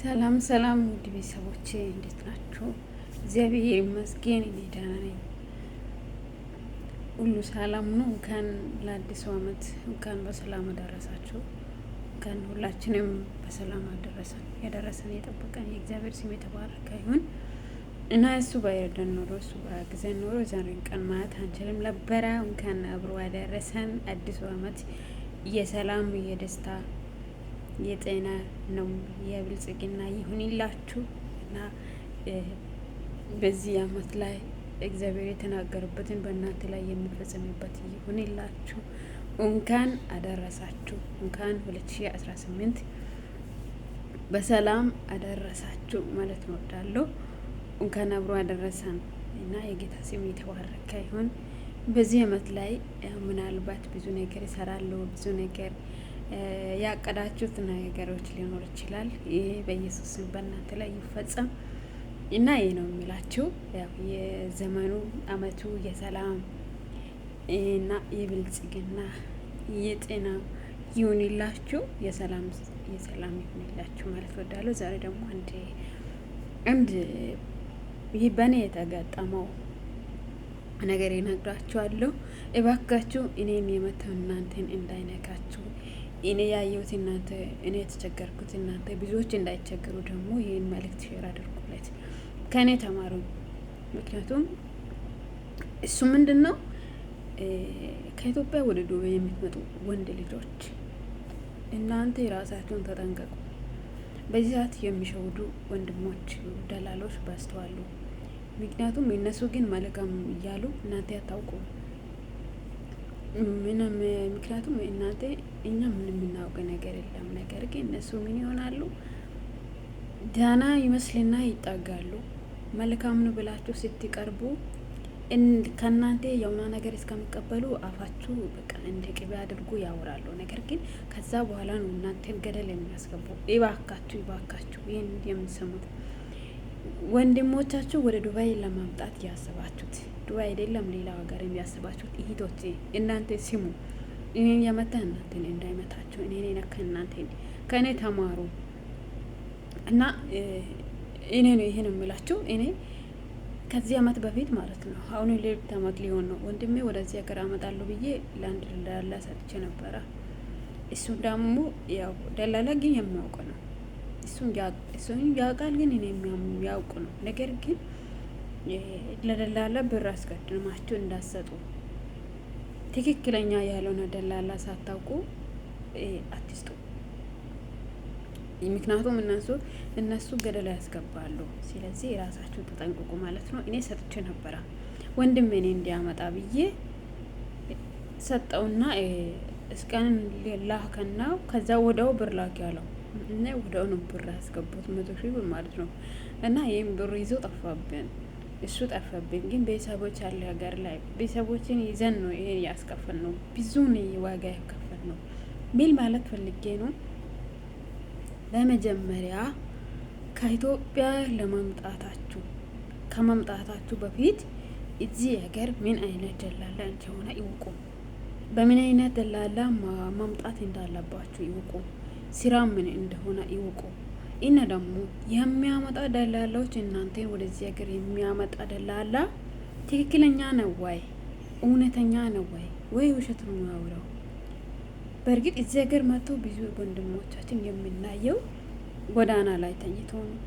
ሰላም ሰላም ውድ ቤተሰቦቼ እንዴት ናችሁ? እግዚአብሔር ይመስገን እኔ ደህና ነኝ። ሁሉ ሰላም ነው። እንኳን ለአዲሱ ዓመት እንኳን በሰላም አደረሳችሁ። እንኳን ሁላችንም በሰላም አደረሰን። ያደረሰን የጠበቀን የእግዚአብሔር ስም የተባረከ ይሁን እና እሱ ባይረዳን ኖሮ እሱ ባያግዘን ኖሮ ዛሬን ቀን ማለት አንችልም ነበረ። እንኳን አብሮ ያደረሰን አዲሱ ዓመት የሰላም የደስታ የጤና ነው የብልጽግና ይሁንላችሁ እና በዚህ አመት ላይ እግዚአብሔር የተናገሩበትን በእናንተ ላይ የሚፈጸምበት ይሁንላችሁ። እንኳን አደረሳችሁ። እንኳን 2018 በሰላም አደረሳችሁ ማለት እወዳለሁ። እንኳን አብሮ አደረሰን እና የጌታ ስም የተባረከ ይሁን። በዚህ አመት ላይ ምናልባት ብዙ ነገር ይሰራለሁ ብዙ ነገር ያቀዳችሁት ነገሮች ሊኖር ይችላል። ይሄ በኢየሱስ በእናንተ ላይ ይፈጸም እና ይህ ነው የሚላችሁ የዘመኑ አመቱ የሰላም እና የብልጽግና የጤና ይሁንላችሁ። የሰላም የሰላም ይሁንላችሁ ማለት ወዳለሁ። ዛሬ ደግሞ አንድ አንድ ይህ በእኔ የተገጠመው ነገር ይነግራችኋለሁ። እባካችሁ እኔን የመታው እናንተን እንዳይነካችሁ እኔ ያየሁት እናንተ እኔ የተቸገርኩት እናንተ ብዙዎች እንዳይቸገሩ ደግሞ ይህን መልእክት ሼር አድርጉለት። ከእኔ ተማሩ። ምክንያቱም እሱ ምንድን ነው ከኢትዮጵያ ወደ ዱባይ የምትመጡ ወንድ ልጆች እናንተ የራሳቸውን ተጠንቀቁ። በዚህ ሰዓት የሚሸውዱ ወንድሞች ደላሎች በስተዋሉ። ምክንያቱም እነሱ ግን መልካም እያሉ እናንተ ያታውቁ ምንም ምክንያቱም እናንተ እኛ ምን የምናውቅ ነገር የለም። ነገር ግን እነሱ ምን ይሆናሉ? ዳና ይመስልና ይጣጋሉ። መልካም ነው ብላችሁ ስትቀርቡ ከእናንተ የሆነ ነገር እስከሚቀበሉ አፋችሁ በቃ እንደ ቅቤ አድርጎ ያወራሉ። ነገር ግን ከዛ በኋላ ነው እናንተን ገደል የሚያስገቡ። ይባካችሁ፣ ይባካችሁ ይህን የምትሰሙት ወንድሞቻችሁ ወደ ዱባይ ለማምጣት ያስባችሁት ዱባይ አይደለም ሌላ ሀገር የሚያስባችሁት እህቶቼ እናንተ ስሙ። እኔን የመታ እናንተን እንዳይመታቸው እኔን የነካ እናንተን ከእኔ ተማሩ እና እኔ ነው ይህን የምላችሁ። እኔ ከዚህ አመት በፊት ማለት ነው አሁን ሌሎች አመት ሊሆን ነው ወንድሜ ወደዚህ ሀገር አመጣለሁ ብዬ ለአንድ ደላላ ሰጥቼ ነበረ። እሱ ደግሞ ያው ደላላ ግን የሚያውቅ ነው እሱን ያውቃል፣ ግን እኔ የሚያውቁ ነው። ነገር ግን ለደላላ ብር አስቀድማችሁ እንዳሰጡ ትክክለኛ ያልሆነ ደላላ ሳታውቁ አትስጡ። ምክንያቱም እነሱ እነሱ ገደላ ያስገባሉ። ስለዚህ ራሳችሁ ተጠንቅቁ ማለት ነው። እኔ ሰጥቼ ነበረ ወንድም እኔ እንዲያመጣ ብዬ ሰጠውና እስቀን ላከና ከዛ ወደው ብር ላክ ያለው እና ወደው ነው ብር ያስገቡት መቶ ሺህ ብር ማለት ነው። እና ይህም ብር ይዞ ጠፋብን። እሱ ጠፋብኝ። ግን ቤተሰቦች አለ ሀገር ላይ ቤተሰቦችን ይዘን ነው ይሄን ያስከፈል ነው ብዙን ዋጋ ያከፈል ነው ሚል ማለት ፈልጌ ነው። በመጀመሪያ ከኢትዮጵያ ለመምጣታችሁ ከመምጣታችሁ በፊት እዚህ ሀገር ምን አይነት ደላላ እንደሆነ ይውቁ። በምን አይነት ደላላ መምጣት እንዳለባችሁ ይውቁ። ስራ ምን እንደሆነ ይውቁ። እና ደግሞ የሚያመጣ ደላላዎች እናንተ ወደዚህ ሀገር የሚያመጣ ደላላ ትክክለኛ ነው ወይ? እውነተኛ ነው ወይ? ወይ ውሸት ነው የሚያወራው? በእርግጥ እዚህ ሀገር መጥቶ ብዙ ወንድሞቻችን የምናየው ጎዳና ላይ ተኝቶ ነው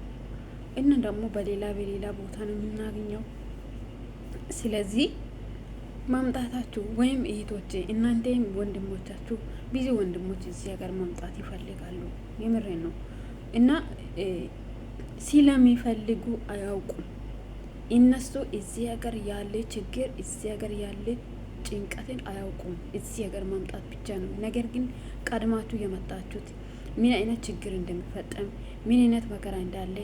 እና ደግሞ በሌላ በሌላ ቦታ ነው የምናገኘው። ስለዚህ መምጣታችሁ ወይም እህቶቼ እናንተም ወንድሞቻችሁ ብዙ ወንድሞች እዚህ ሀገር መምጣት ይፈልጋሉ። የምሬ ነው። እና ስለሚፈልጉ አያውቁም። እነሱ እዚህ ሀገር ያለ ችግር እዚህ ሀገር ያለ ጭንቀትን አያውቁም። እዚህ ሀገር ማምጣት ብቻ ነው። ነገር ግን ቀድማችሁ የመጣችሁት ምን አይነት ችግር እንደሚፈጠም ምን አይነት መከራ እንዳለ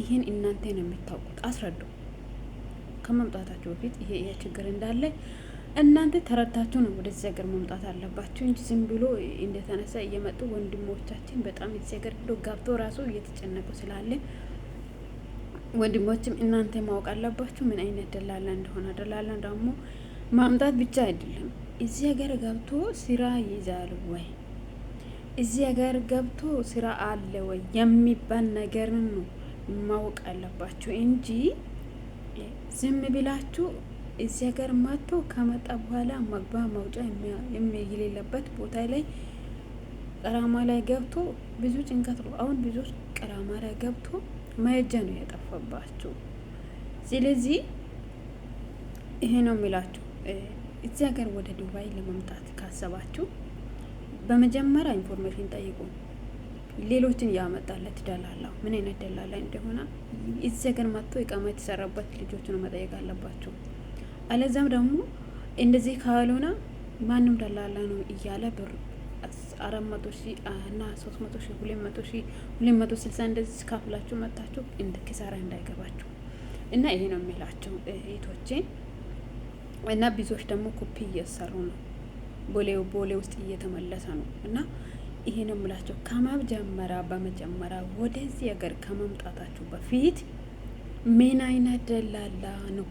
ይህን እናንተ ነው የምታውቁት። አስረዱ ከመምጣታችሁ በፊት ይሄ ይሄ ችግር እንዳለ እናንተ ተረዳችሁ ነው ወደዚህ ሀገር መምጣት አለባችሁ እንጂ ዝም ብሎ እንደተነሳ እየመጡ ወንድሞቻችን በጣም እዚህ ሀገር ብሎ ገብቶ ራሱ እየተጨነቁ ስላለ ወንድሞችም እናንተ ማወቅ አለባችሁ ምን አይነት ደላላ እንደሆነ። ደላላ ደግሞ ማምጣት ብቻ አይደለም፣ እዚህ ሀገር ገብቶ ስራ ይይዛል ወይ እዚህ ሀገር ገብቶ ስራ አለ ወይ የሚባል ነገርን ነው ማወቅ አለባችሁ እንጂ ዝም ብላችሁ እዚህ ሀገር መጥቶ ከመጣ በኋላ መግባ መውጫ የሌለበት ቦታ ላይ ቀራማ ላይ ገብቶ ብዙ ጭንቀት ነው። አሁን ብዙዎች ቀራማ ላይ ገብቶ መሄጃ ነው ያጠፋባቸው። ስለዚህ ይሄ ነው የሚላችሁ እዚህ ሀገር ወደ ዱባይ ለመምጣት ካሰባችሁ በመጀመሪያ ኢንፎርሜሽን ጠይቁ። ሌሎችን ያመጣለት ደላላ ምን አይነት ደላላ እንደሆነ እዚህ ሀገር መጥቶ ኢቃማ የተሰራበት ነው መጠየቅ አለባቸው። አለዛም ደግሞ እንደዚህ ካልሆነ ማንም ደላላ ነው እያለ ብር አራት መቶ ሺ እና ሶስት መቶ ሺ ሁለት መቶ ሺ ሁለት መቶ ስልሳ እንደዚህ ካፍላችሁ መጥታችሁ እንደ ኪሳራ እንዳይገባችሁ እና ይሄ ነው የሚላቸው እህቶቼ እና ብዙዎች ደግሞ ኮፒ እየሰሩ ነው። ቦሌ ቦሌ ውስጥ እየተመለሰ ነው እና ይሄ ነው የሚላቸው ከመጀመሪያ በመጀመሪያ ወደዚህ ሀገር ከመምጣታችሁ በፊት ምን አይነት ደላላ ነው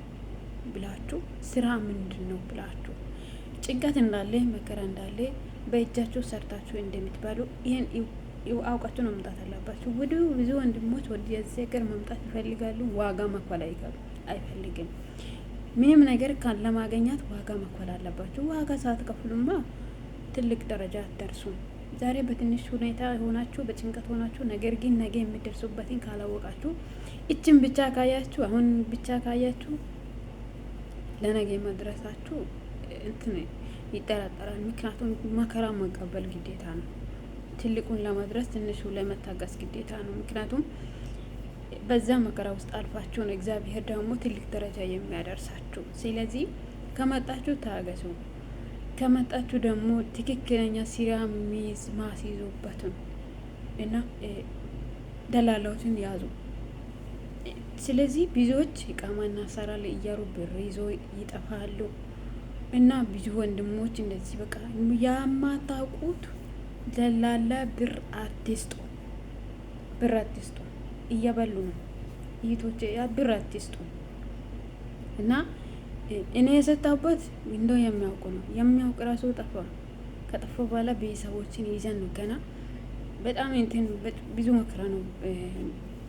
ብላችሁ ስራ ምንድን ነው ብላችሁ ጭንቀት እንዳለ መከራ እንዳለ በእጃችሁ ሰርታችሁ እንደምትባሉ ይህን አውቃችሁ ነው መምጣት አለባችሁ። ወደ ብዙ ወንድሞች የዚህ ሀገር መምጣት ይፈልጋሉ። ዋጋ መክፈል አይፈልግም። ምንም ነገር ለማገኛት ዋጋ መክፈል አለባችሁ። ዋጋ ሳትከፍሉማ ትልቅ ደረጃ አትደርሱም። ዛሬ በትንሽ ሁኔታ ሆናችሁ በጭንቀት ሆናችሁ፣ ነገር ግን ነገ የምደርሱበትን ካላወቃችሁ፣ እችን ብቻ ካያችሁ፣ አሁን ብቻ ካያችሁ ለነገ መድረሳችሁ እንትን ይጠራጠራል። ምክንያቱም መከራ መቀበል ግዴታ ነው። ትልቁን ለመድረስ ትንሹ ለመታገስ ግዴታ ነው። ምክንያቱም በዛ መከራ ውስጥ አልፋችሁ ነው እግዚአብሔር ደግሞ ትልቅ ደረጃ የሚያደርሳችሁ። ስለዚህ ከመጣችሁ ታገሱ። ከመጣችሁ ደግሞ ትክክለኛ ሲራ ሚዝ ማስይዙበትን እና ደላላዎችን ያዙ። ስለዚህ ብዙዎች ይቃማና ሰራ ላይ እያሩ ብር ይዞ ይጠፋሉ እና ብዙ ወንድሞች እንደዚህ በቃ ያማታውቁት ደላላ ብር አትስጡ፣ ብር አትስጡ እያበሉ ነው ይቶች ብር አትስጡ እና እኔ የሰጣሁበት እንደው የሚያውቁ ነው የሚያውቅ ራሱ ጠፋ። ከጠፋ በኋላ ቤተሰቦችን ይዘን ነው ገና በጣም እንትን ብዙ መከራ ነው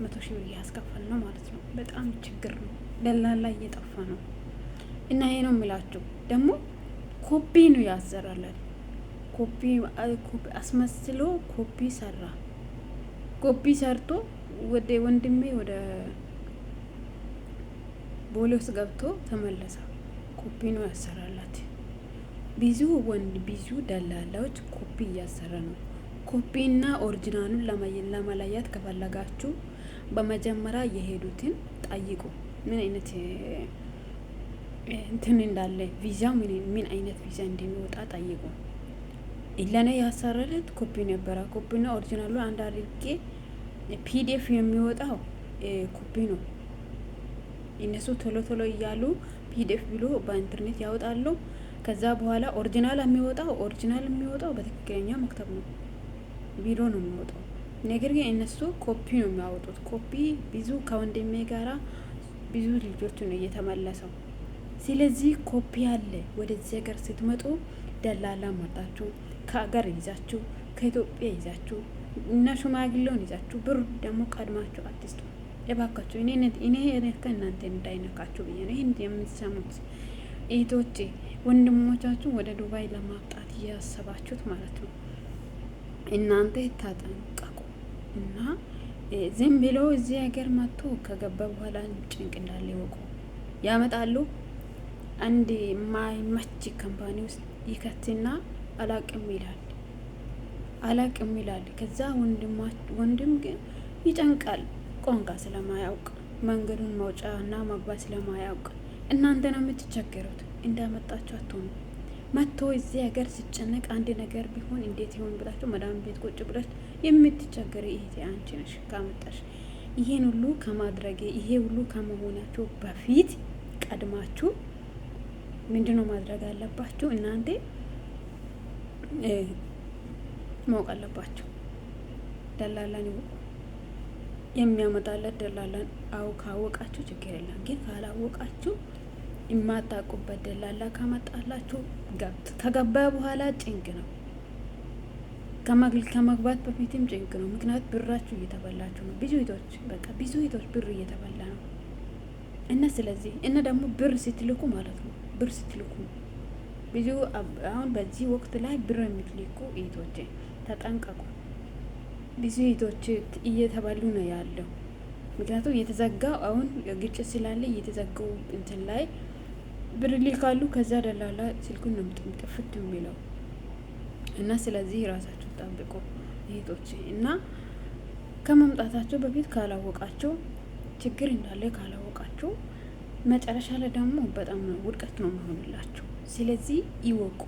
መቶ ሺህ ብር እያስከፈል ነው ማለት ነው። በጣም ችግር ነው። ደላላ እየጠፋ ነው እና ይሄ ነው የሚላችሁ ደግሞ ኮፒ ነው ያዘራለን። ኮፒ አስመስሎ ኮፒ ሰራ። ኮፒ ሰርቶ ወደ ወንድሜ ወደ ቦሌ ውስጥ ገብቶ ተመለሰ። ኮፒ ነው ያሰራላት። ብዙ ወንድ ብዙ ደላላዎች ኮፒ እያሰራ ነው። ኮፒና ኦሪጂናሉን ለመለያት ከፈለጋችሁ በመጀመሪያ የሄዱትን ጠይቁ። ምን አይነት እንትን እንዳለ ቪዛ ምን አይነት ቪዛ እንደሚወጣ ጠይቁ። ለእኔ ያሰረለት ኮፒ ነበረ። ነው ኦሪጂናሉ አንድ አድርጌ ፒዲኤፍ የሚወጣው ኮፒ ነው። እነሱ ቶሎ ቶሎ እያሉ ፒዲኤፍ ብሎ በኢንተርኔት ያወጣሉ። ከዛ በኋላ ኦሪጂናል የሚወጣው ኦሪጂናል የሚወጣው በትክክለኛ መክተብ ነው ቢሮ ነው የሚወጣው ነገር ግን እነሱ ኮፒ ነው የሚያወጡት። ኮፒ ብዙ ከወንድሜ ጋራ ብዙ ልጆች ነው እየተመለሰው። ስለዚህ ኮፒ አለ። ወደዚህ ሀገር ስትመጡ ደላላ መርጣችሁ ከሀገር ይዛችሁ ከኢትዮጵያ ይዛችሁ እና ሽማግሌውን ይዛችሁ ብር ደግሞ ቀድማችሁ አትስጡ እባካችሁ። እኔ ከእናንተ እንዳይነካችሁ ብዬ ነው ይህን የምትሰሙት እህቶቼ፣ ወንድሞቻችሁ ወደ ዱባይ ለማምጣት እያሰባችሁት ማለት ነው። እናንተ ይታጠኑ። እና ዝም ብሎ እዚህ ሀገር መጥቶ ከገባ በኋላ ጭንቅ እንዳለ ይወቁ። ያመጣሉ አንድ ማይመች ካምፓኒ ውስጥ ይከትና አላቅም ይላል አላቅም ይላል። ከዛ ወንድም ግን ይጨንቃል። ቋንቋ ስለማያውቅ መንገዱን መውጫ እና መግባት ስለማያውቅ እናንተ ነው የምትቸገሩት። እንዳመጣችሁ አትሆኑ። መጥቶ እዚህ ሀገር ሲጨነቅ አንድ ነገር ቢሆን እንዴት ይሆን ብላችሁ መዳም ቤት ቁጭ ብላችሁ የምትቸግር እህቴ አንቺ ነሽ ካመጣሽ ይሄን ሁሉ ከማድረጌ ይሄ ሁሉ ከመሆናችሁ በፊት ቀድማችሁ ምንድነው ማድረግ አለባችሁ? እናንተ ማወቅ አለባችሁ። ደላላን ይወቁ። የሚያመጣለት ደላላን አው ካወቃችሁ ችግር የለም። ግን ካላወቃችሁ የማታውቁበት ደላላ ካመጣላችሁ ከገባ በኋላ ጭንቅ ነው። ከመግባት በፊትም ጭንቅ ነው። ምክንያት ብራችሁ እየተበላችሁ ነው። ብዙ ቶች በቃ ብዙ ቶች ብር እየተበላ ነው እና ስለዚህ እና ደግሞ ብር ስትልኩ ማለት ነው ብር ስትልኩ ብዙ አሁን በዚህ ወቅት ላይ ብር የምትልኩ እህቶቼ ተጠንቀቁ። ብዙ እህቶች እየተበሉ ነው ያለው። ምክንያቱም እየተዘጋው አሁን ግጭት ስላለ እየተዘጋው እንትን ላይ ብር ሊካሉ ከዛ ደላላ ስልኩን ነው ጥፍት የሚለው እና ስለዚህ ራሳችሁ ጠብቁ እህቶች እና ከመምጣታቸው በፊት ካላወቃቸው ችግር እንዳለ ካላወቃቸው መጨረሻ ላይ ደግሞ በጣም ውድቀት ነው መሆንላቸው። ስለዚህ ይወቁ።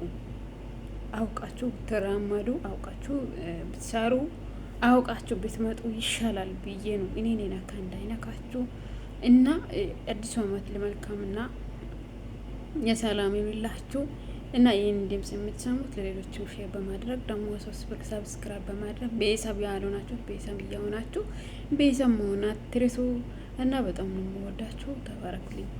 አውቃችሁ ብትራመዱ፣ አውቃችሁ ብትሰሩ፣ አውቃችሁ ብትመጡ ይሻላል ብዬ ነው። እኔን ነካ እንዳይነካችሁ እና አዲሱ ዓመት ለመልካምና የሰላም ይብላችሁ። እና ይህን ድምጽ የምትሰሙት ለሌሎችም ሼር በማድረግ ደግሞ ሰብስበክ ሰብስክራይብ በማድረግ ቤተሰብ ያልሆናችሁ ቤተሰብ እያሆናችሁ ቤተሰብ መሆን አትርሱ። እና በጣም ነው የምወዳችሁ። ተባረክልኝ።